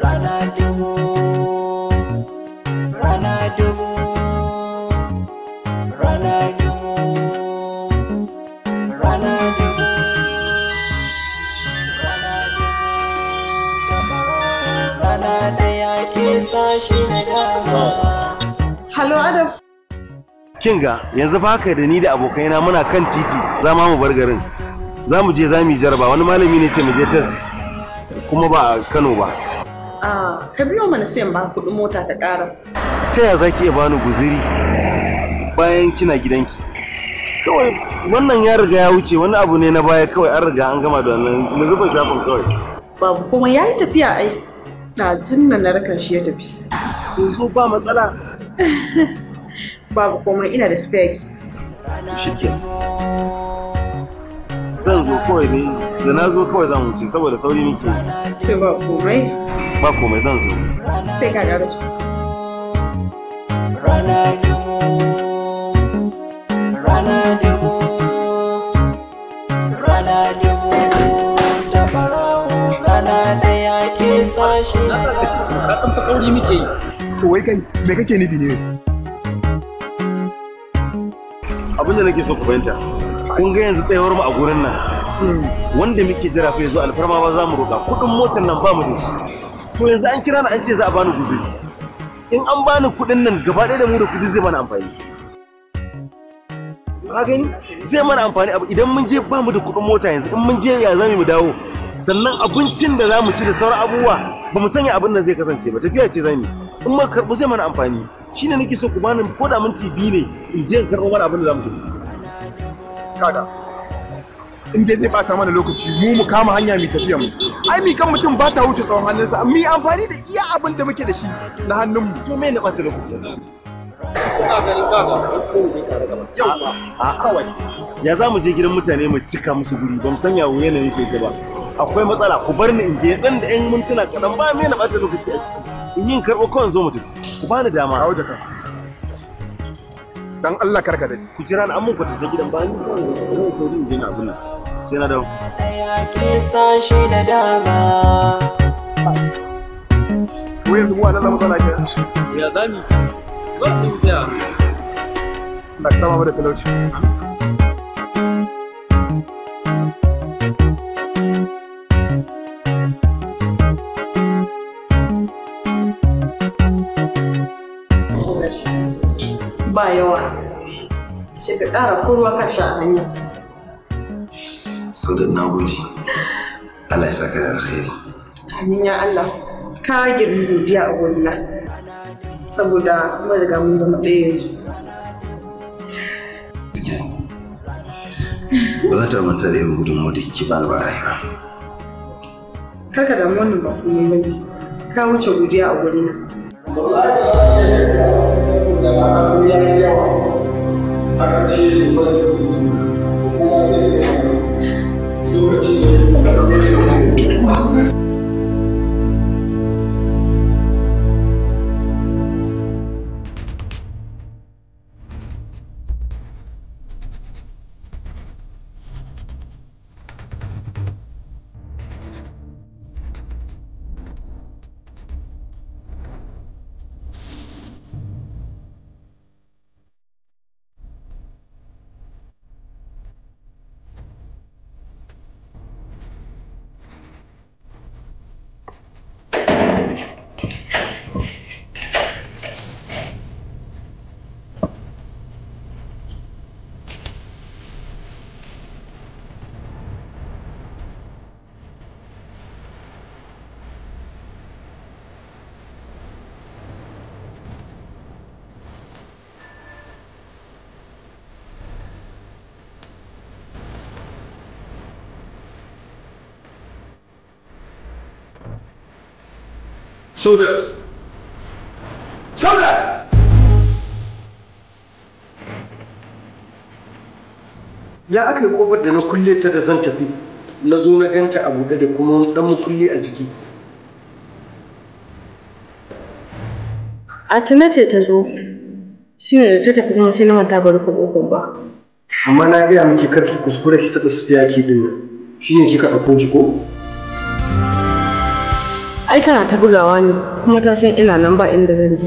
rana dubu rana dubu rana dubu rana dubu rana dubu rana daya ke sashi na dama Halo Adam Kinga yanzu fa baka da ni da abokaina muna kan titi za mu bar garin za mu je za mu yi jaraba wani malami ne ce mu je test kuma ba a Kano ba ka biyo mana sayan ba kuɗin mota ka ƙara. Ta yaya za ki iya bani guziri bayan kina gidanki? Kawai wannan ya riga ya wuce wani abu ne na baya kawai an riga an gama da wannan mu zuba shafin kawai. Babu kuma ya yi tafiya ai. Ɗazin nan na rakan shi ya tafi. Yanzu ba matsala. Babu kuma ina da spare ki. Shi zan zo kawai ne da na zo kawai zan wuce saboda sauri nake to ba komai ba komai zan zo sai ka gara su rana demo rana demo rana demo ta farawo rana ke sashi ka san fa sauri muke yi to wai kan me kake nufi ne abin da nake so ku fahimta kun ga yanzu tsayawar mu a gurin nan wanda muke jira fa yazo alfarma ba za mu roƙa kuɗin motar nan ba mu da shi to yanzu an kira ni an ce za a bani guzuri in an bani kuɗin nan gaba ɗaya da mu da kuɗi zai mana amfani ka gani zai mana amfani abu idan mun je ba mu da kuɗin mota yanzu in mun je ya za mu dawo sannan abincin da za mu ci da sauran abubuwa ba mu sanya abin da zai kasance ba tafiya ce za mu in ma karɓi zai mana amfani shine nake so ku bani ko da minti biyu ne in je in karɓo mana abin da za mu ci in dai zai bata mana lokaci mu mu kama hanya mai tafiya mu ai mi kan mutum ba ta wuce tsawon hannunsa mi amfani da iya abin da muke da shi na hannun mu to me na bata lokaci ya za mu je gidan mutane mu cika musu guri ba mu sanya wa yanayin sai ba akwai matsala ku bar ni in je dan da yan mintuna kadan ba me na bata lokaci a ciki in yin karɓo kawai zo mutum ku bani dama wajen jaka dan Allah karka da ku jira na amma ku ta gidan ba ni zan zan ko din je na abun sai na dawo ya san shi da dama ku yanzu mu anan matsala ke ya zami ba ku tsaya da ta ba da talauci amin sai ka ƙara kurwa ka sha a hanya. Sau da na gode. Allah ya saka da alkhairi. Amin ya Allah. Ka girbi godiya a gurina. Saboda mun riga mun zama ɗaya yanzu. Ba za ta manta da yin gudunmu da kike ba ba rayuwa. Kar ka damu wannan ba kuma ba Ka wuce godiya a gurina. Ba za ta manta da yin gudunmu da kike aka ce da So that, so that ya aka yi kofar da na kulle ta da zan tafi na zo na ganta a buɗe da kuma ɗan kulle a jiki a tana ce ta zo shi ne da ta tafi kuma sai na manta bari ku kofar ba amma na gaya miki karki kuskure ki taɓa sufiya ki ɗin nan shi ne kika ɗauko ji ko ai tana ta bugawa ne kuma ta san ina nan ba inda zan je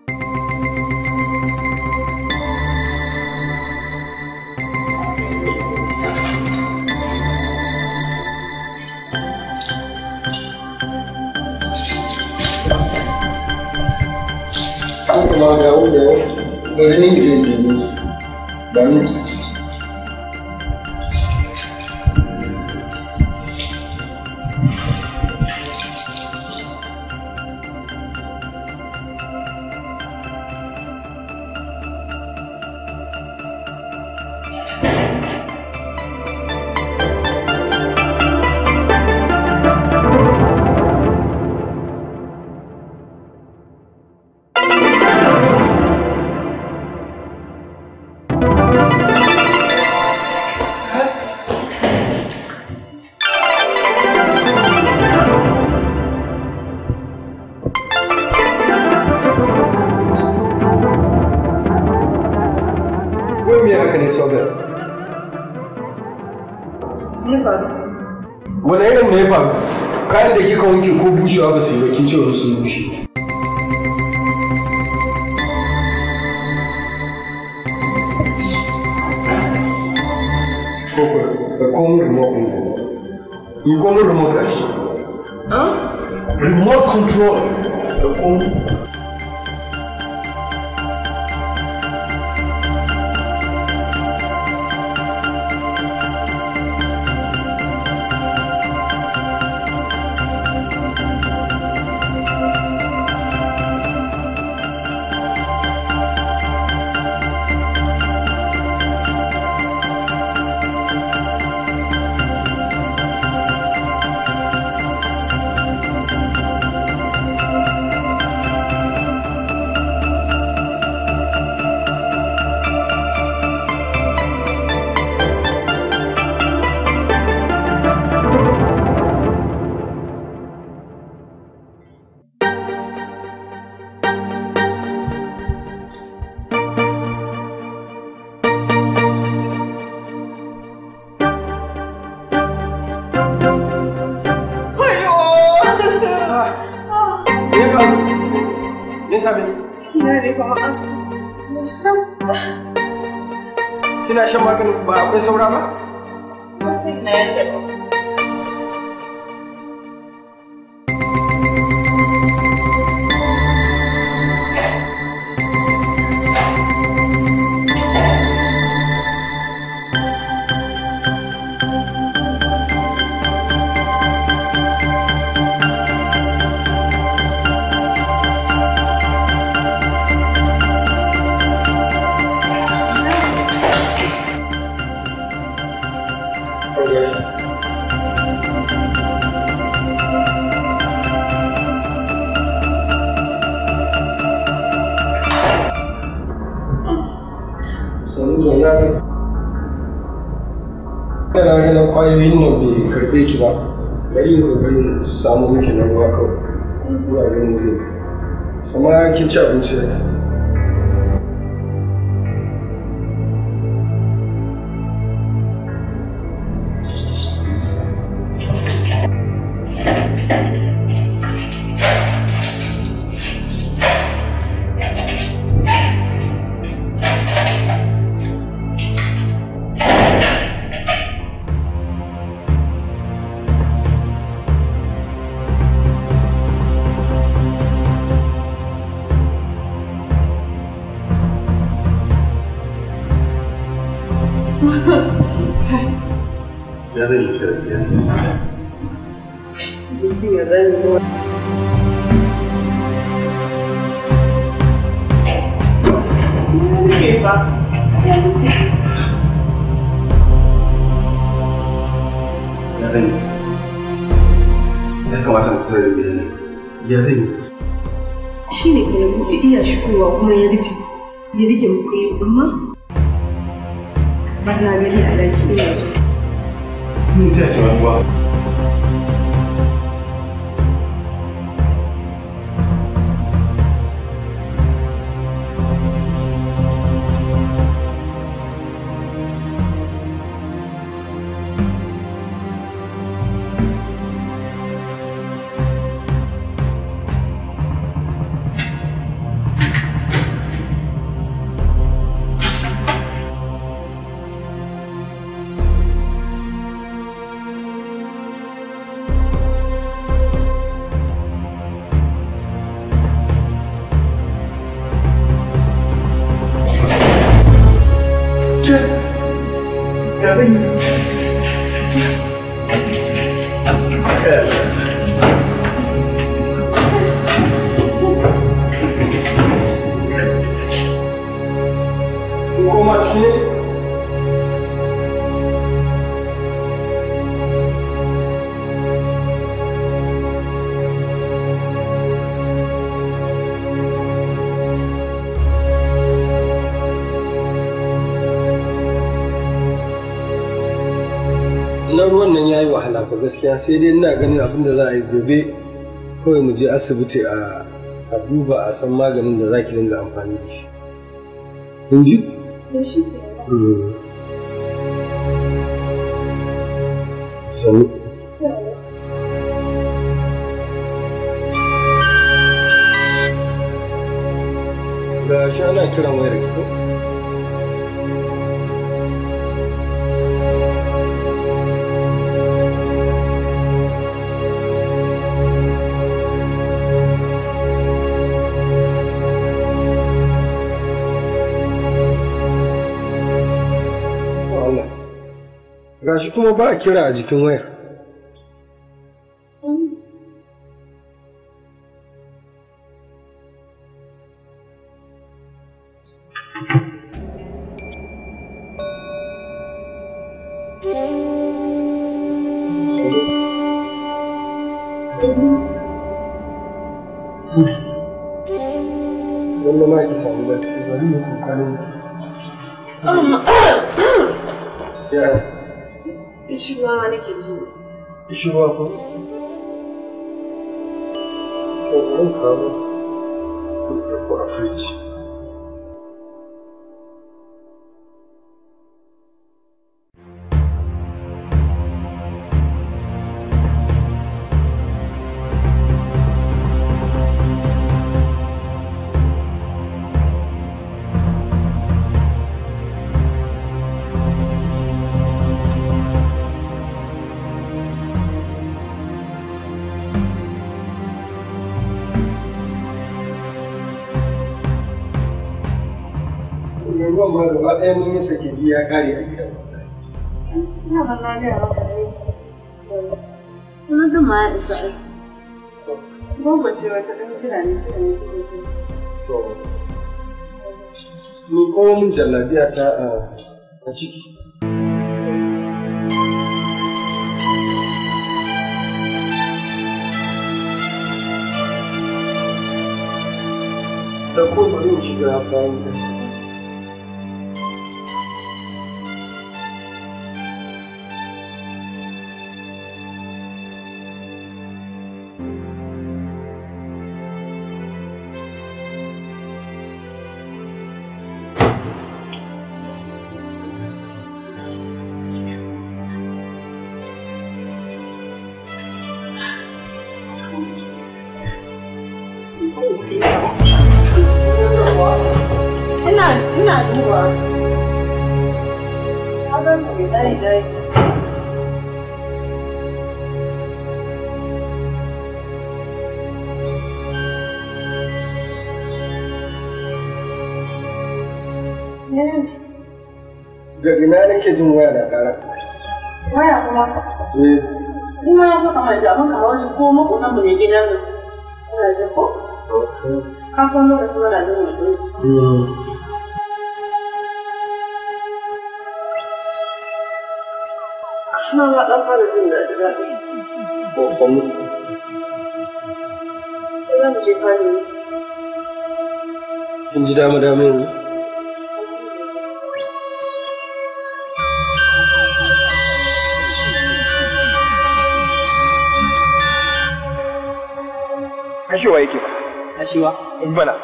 umaga ulo, öyle ilgileniyoruz. Ben cewa ba su yi ba kin ce wani sun bushe da komin remote control remote karɓe ki ba bari in kokari samu miki na ruwa kawai ruwa ne zai amma kin ci abinci ne zan Ya zan yi. Ya kamata mu tare da gidan Ya zan yi. Shi ne ya buɗe iya shigowa kuma ya rufe. Ya rike mu kuɗi amma ba na gani a daki ina so. Ni ta ke wani Yeah. gaskiya sai dai ina ganin abin da za a yi gobe kawai mu je asibiti a duba a san maganin da za ki dinga amfani da shi. Kun ji? Mm. shi ana kiran wayar ki shi kuma ba kira a jikin waya. Mm. Wannan ma nake ji shiruwa ko to bari firiji ɗaya mun yi sake ya kare a gidan. Ina ba lafiya ba maka dai. Kuma ma ya isa ai. wata ɗan kira ne shi ne. ni kuma mun jallabiya ta a ciki. da shiga bayan da daga ina nake jin waya da kara waya kuma eh kuma so ka mai jaban ka wani ko mako nan mu ne gidan nan ko ka san da jin su fara jin Ko san mu? Zan je fari. Kin ji dama dama tashewa yake ba tashewa bala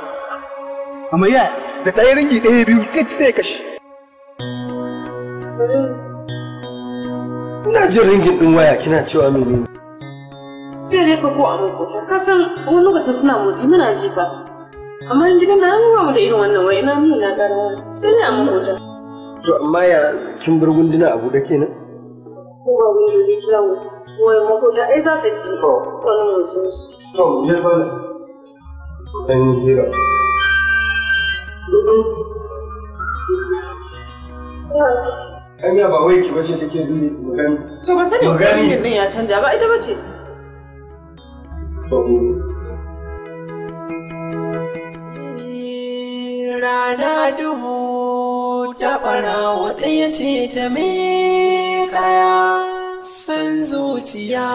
amma yaya da ta yi ringi ɗaya biyu tit sai kashe ina jin ringin ɗin waya kina cewa mene ne sai dai ka ko a makota ka san wani lokacin suna motsi muna ji ba amma gidan na nuna mu da irin wannan wai ina nuna na ƙarawa sai dai a da. to amma ya kin bar gunduna a buɗe kenan ko ba wani ne kira wai da ai za ta ji oh. wani motsi to mu je ba wai ki bace take bi magani. To ba sani magani din ya canja ba ita bace. Rana dubu ta ɓarawa ɗaya ce ta mai kaya. san zuciya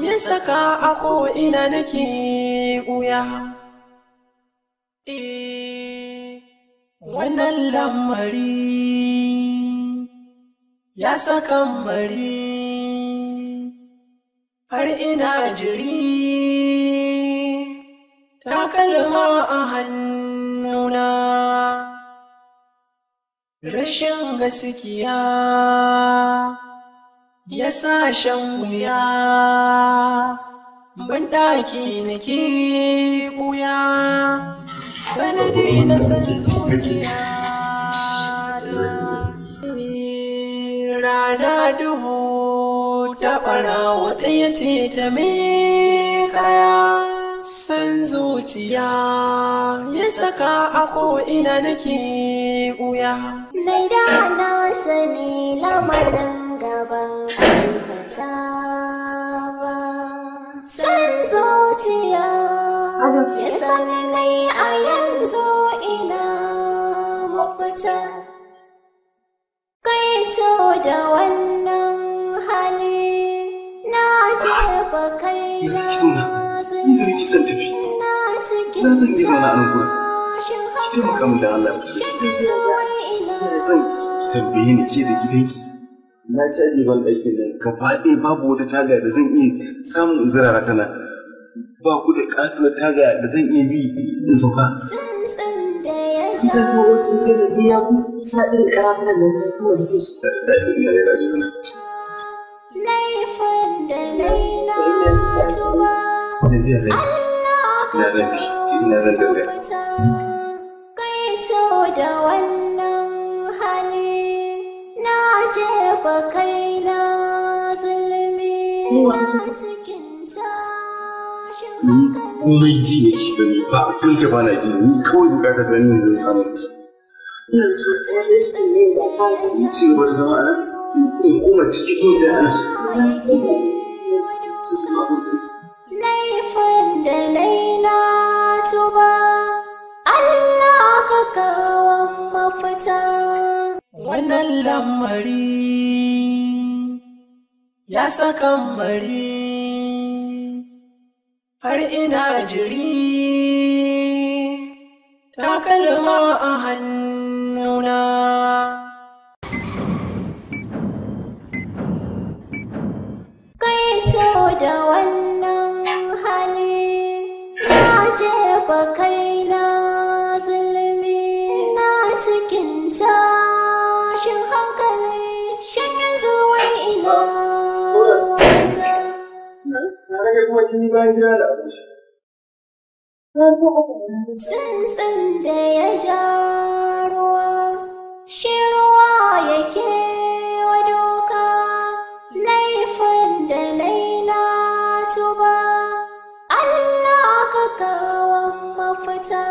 ya saka a ko'ina nake ɓuya. Eh, wannan lamari ya saka mari har ina jiri takalma a hannuna rashin gaskiya. ya sa shan wuya banɗaki na ke ɓuya sanadi na san zuciya rana dubu ta ɓarawa ya ce ta me kaya san zuciya ya saka a ko'ina nake ɓuya. Mai da na sani lamarin da ban aikata ba san zuciya ya san mai a yanzu ina mafita kai ce da wannan hali na jefa kai na tafi na cikin ta taimaka min da Allah zan ki tambaye ni ke da gidanki na caji ban ɗakin nan ka faɗi babu wata taga da zan iya samun zirara tana ba ku da ƙatuwar taga da zan iya bi in sauka. Ki san ko wata gana biya ku sa ɗin ƙarafin nan kuma da ke su. Laifin da laina tuba. Na jiya zai. Na zan bi. Na zan dangare. da wannan hali na je Ba kaina zulmi na cikin tashin hankali. Mai ji ni ba ji ni kawai da ni zan samu mutum. Ina so da nan? In ciki ana shi. Laifin da laina tuba Allah ka kawo mafita. wannan lamari ya saka mari har ina jiri kalma a hannuna kai ce da wannan hali na jefa kaina zulmi na cikin ta kuma kin yi bayan gida da abinci. Tsantsan da ya ja ruwa, shi ruwa yake wa doka, laifin da laila tuba, Allah ka kawan mafita.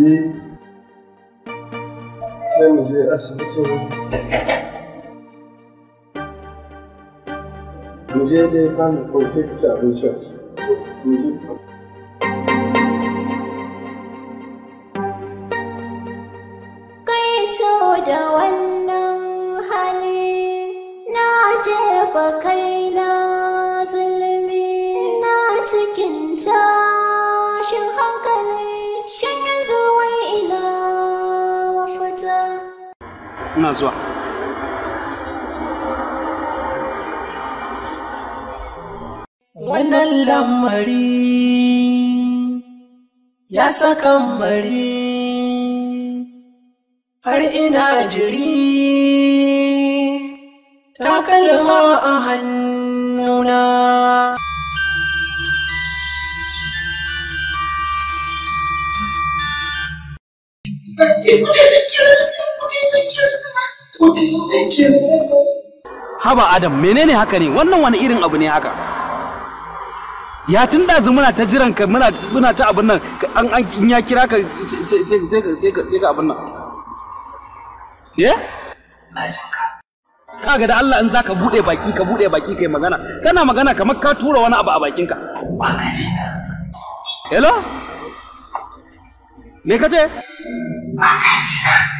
gobe sai mu je asibitin mu je dai kwanan kawai sai ka ci abincin da wannan hali na jefa kai suna zuwa wannan lamari ya saka mari har ina jiri takalma a hannuna ce kuma da kiran Haba Adam, menene haka ne? Wannan wani irin abu ne haka? Ya tun ɗazu muna ta jiran ka muna ta abin nan an an ya kira ka sai ka abin nan. Ye? Na jin ka. ga da Allah in za ka buɗe baki ka buɗe baki kai magana. Kana magana kamar ka tura wani abu a ka. Ba ka ji na. Hello? Me ka ce? Ba ka ji na.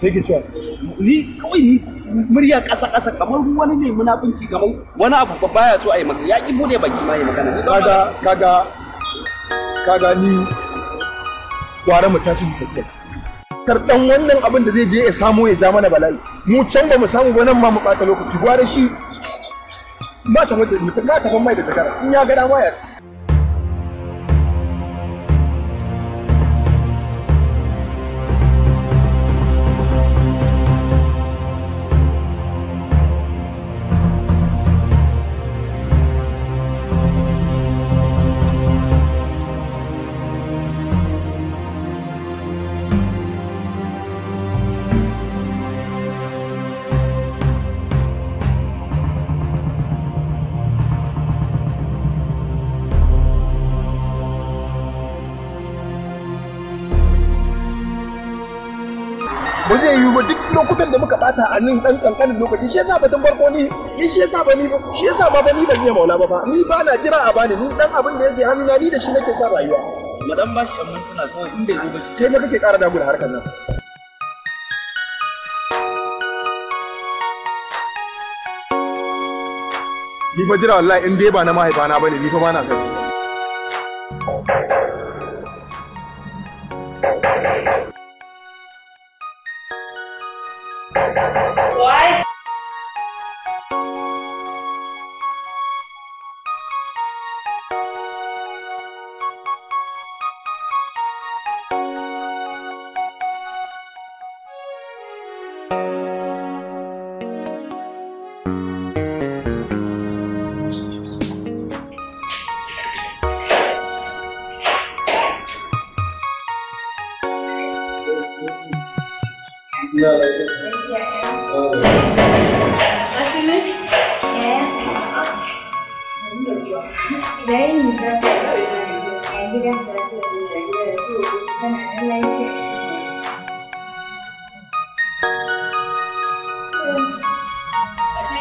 sai ke ni kawai ni murya ƙasa ƙasa kamar wani ne munafunci kamar wani abu ba baya so a yi magana bude baki ma yi magana kaga kaga kaga ni gwara mu tashi mu tafiya karɗan wannan abin da zai je ya samu ya ja mana bala'i mu can ba mu samu ba nan ma mu ɓata lokaci gwara shi ba ta mai da takara in ya gada ma ya lokutan da muka bata a nan dan kankanin lokaci shi yasa batun farko ni shi yasa ba ni ba shi yasa ba ba ni ban iya maula ba ni ba na jira a bani ni dan abin da yake hannuna ni da shi nake sa rayuwa ya dan bashi dan mintuna kawai inda yake ba shi sai ma kake ƙara damu da harkar nan ni ba jira wallahi in dai ba na mahaifana bane ni fa ba na kai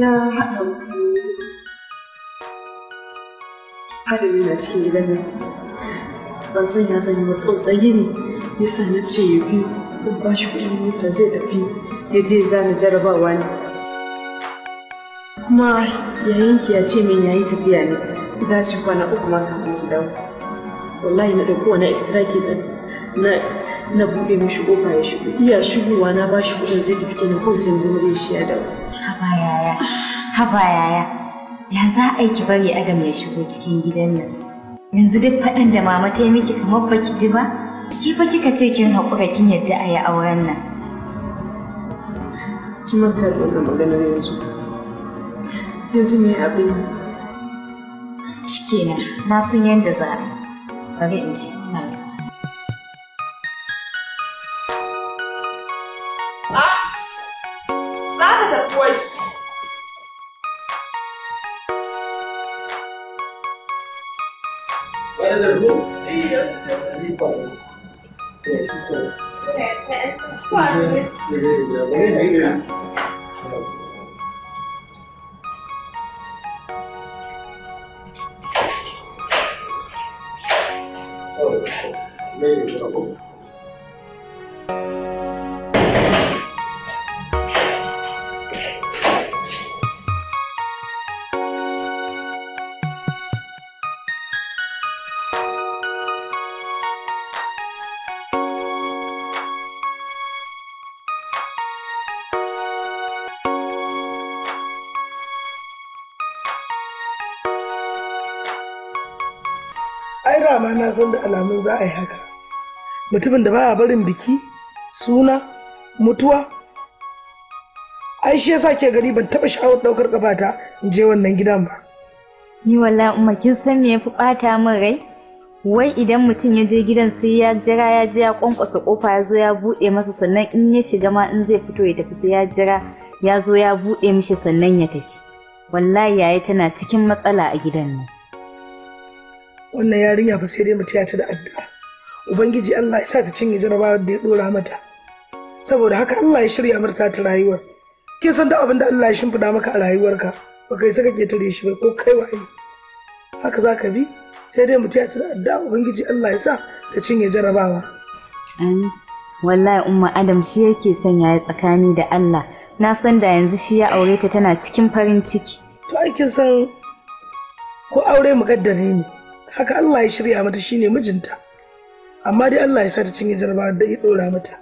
na haɗa muku adami na cikin gidan nan ban san ya zan yi wa tsautsayi ne ya sa na ce ya bi in ba shi kuɗin mota zai tafi ya je za na jarabawa ne kuma yayinki ya ce min yayi tafiya ne za shi kwana uku ma kafin su dawo wallahi na ɗauko wani extra ke na na buɗe mishi ƙofa ya shigo iya shigowa na ba shi kuɗin zai tafi kenan kawai sai yanzu mu shi ya dawo Haba yaya, ya za a yi ki bari Adam ya shigo cikin gidan nan. Yanzu duk faɗan da mama ta yi miki kamar ba ki ji ba, ki fa kika ce kin haƙura kin yadda a yi auren nan. Ki manta da wannan maganar yanzu. Yanzu me abin Shikenan, na san yadda za a yi. Bari in ji, ina so. mutumin da baya barin biki suna mutuwa ai shi yasa ke gari ban taba sha'awar daukar kafata in je wannan gidan ba ni wallahi umma kin san me yafi bata min rai wai idan mutum ya je gidan sai ya jira ya je ya kwankwasa kofa ya zo ya bude masa sannan in ya shiga ma in zai fito ya tafi sai ya jira ya zo ya bude mishi sannan ya tafi wallahi yayi tana cikin matsala a gidan nan wannan yarinya ba sai dai mutum ya ci da addu'a ubangiji Allah ya sa ta cinye jarabawar da ya dora mata saboda haka Allah ya shirya mata ta rayuwar kin san da abin da Allah ya shimfida maka a rayuwarka ba kai saka tare shi ba ko kai waye haka za ka bi sai dai mutum ya ci da ubangiji Allah ya sa ta cinye jarabawa wallahi umma adam shi yake sanya ya tsakani da Allah na san da yanzu shi ya aure ta tana cikin farin ciki to aikin san ko aure mu mukaddari ne haka Allah ya shirya mata shine mijinta amma dai Allah ya sa ta cinye jarba da ya dora mata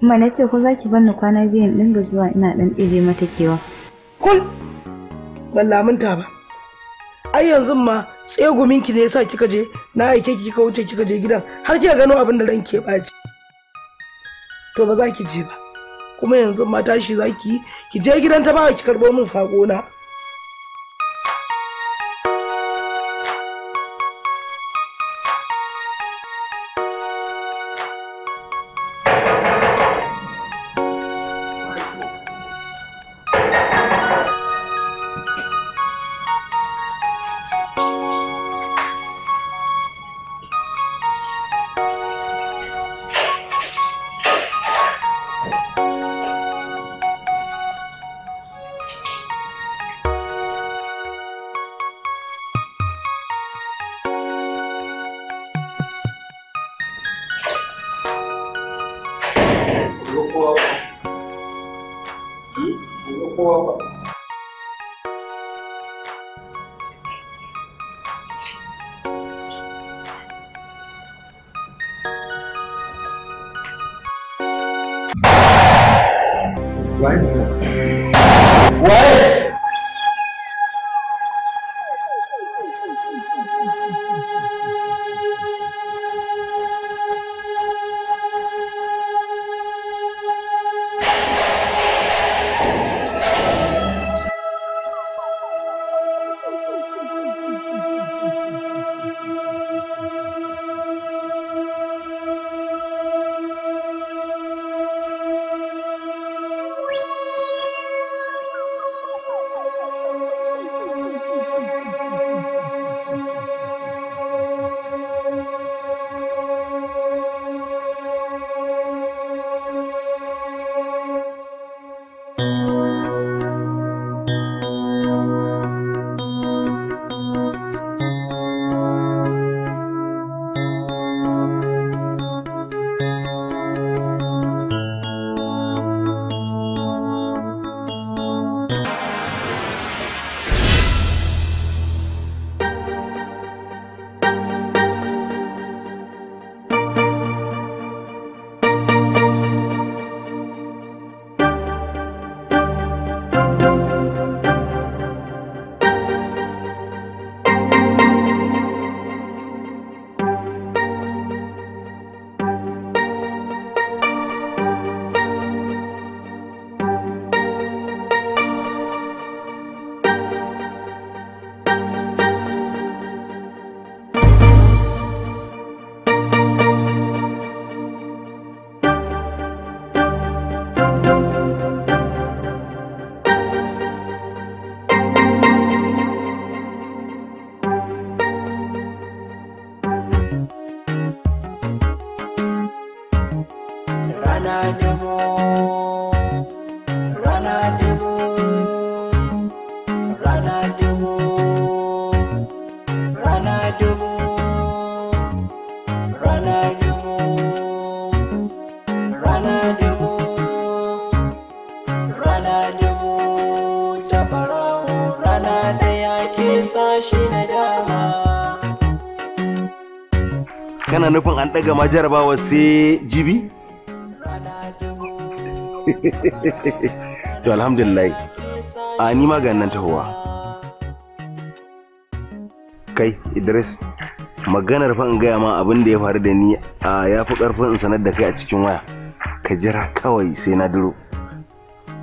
kuma na ce ko za ki banna kwana biyan ɗin da zuwa ina ɗan ɗebe mata kewa kun ban lamunta ba ai yanzu ma tsegumin ki ne yasa kika je na aike ki kika wuce kika je gidan har kika gano abin da ranki ke ɓaci to ba za ki je ba kuma yanzu ma tashi za ki ki je gidan ta ba ki karɓo min sako na ɗaga daga ma jarabawa sai jibi to alhamdulillah a ni ma nan tahowa kai idris maganar fa in gaya ma abin da ya faru da ni a ya fi ƙarfin in sanar da kai a cikin waya ka jira kawai sai na duro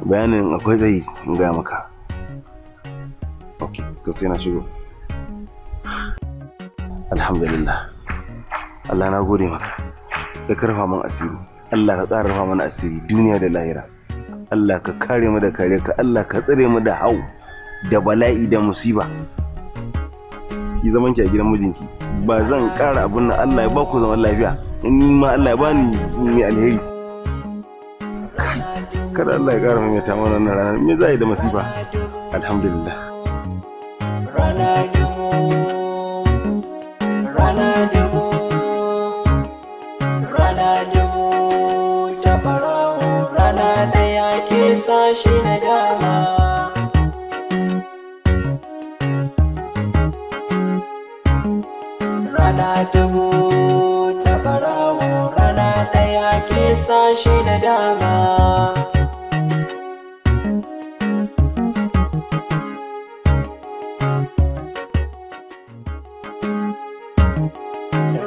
bayanin akwai tsayi in gaya maka ok to sai na shigo alhamdulillah Allah na gode maka da karfa mun asiri Allah ka ƙara rufa mana asiri duniya da lahira Allah ka kare mu da kare ka Allah ka tsare mu da hau da bala'i da musiba ki zaman ki a gidan mijinki ba zan ƙara abin nan Allah ya ba ku zaman lafiya ni ma Allah ya bani mai alheri kada Allah ya ƙara maimaita mana wannan ranar me za a yi da masifa alhamdulillah sa shi na dama rana dubu ta barawo rana ɗaya ke sa shi na dama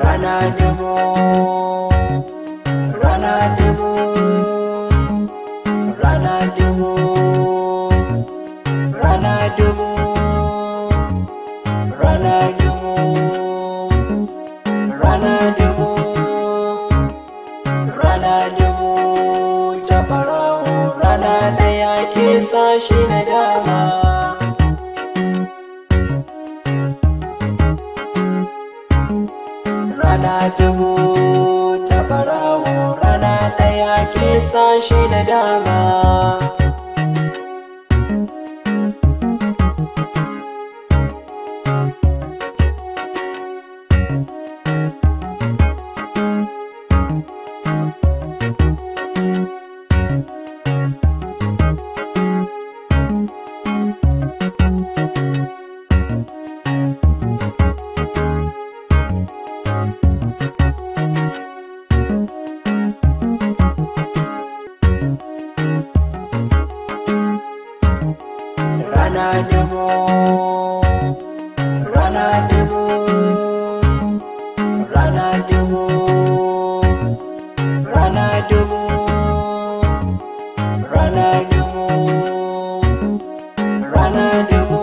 rana dubu shi na dama rana dubu ta barawo rana ɗaya ke sashe na dama rana dubu rana dubu rana dubu rana dubu rana dubu rana dubu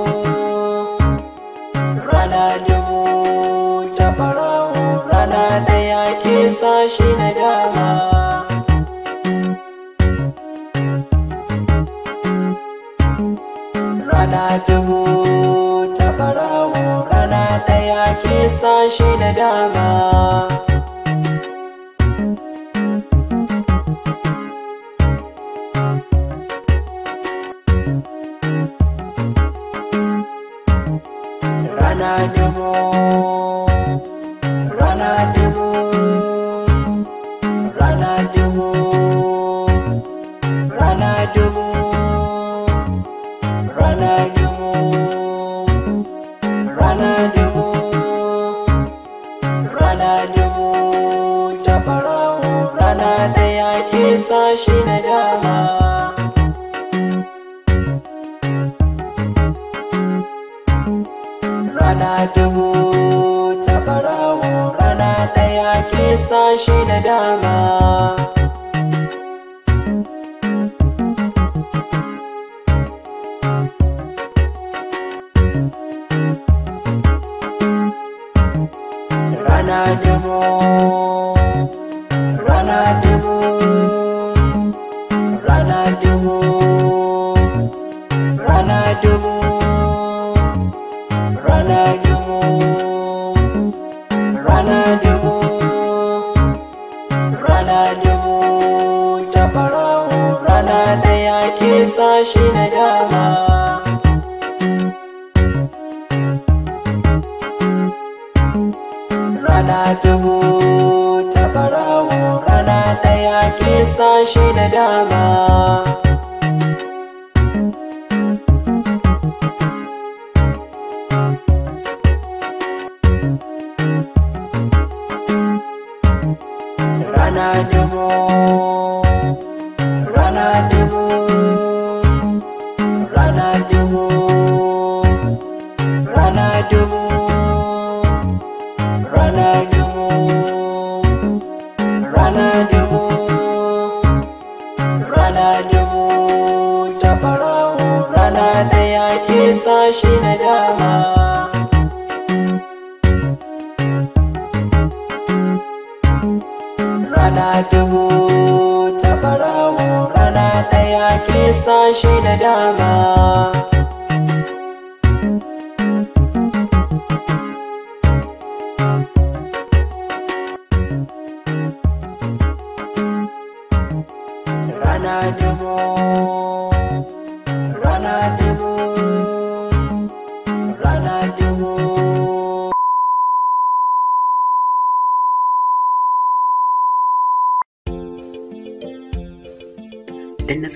rana dubu ta rana da yake sashi na dama San shi na dama zai na dama rana dubu ta barawo rana ɗaya ke sa na dama. Sashi da na dama rana dubu ta barawo rana daya ke sashe da na dama rana dubu rana dubu zai na dama rana dubu ta barawo rana ɗaya ke sa na dama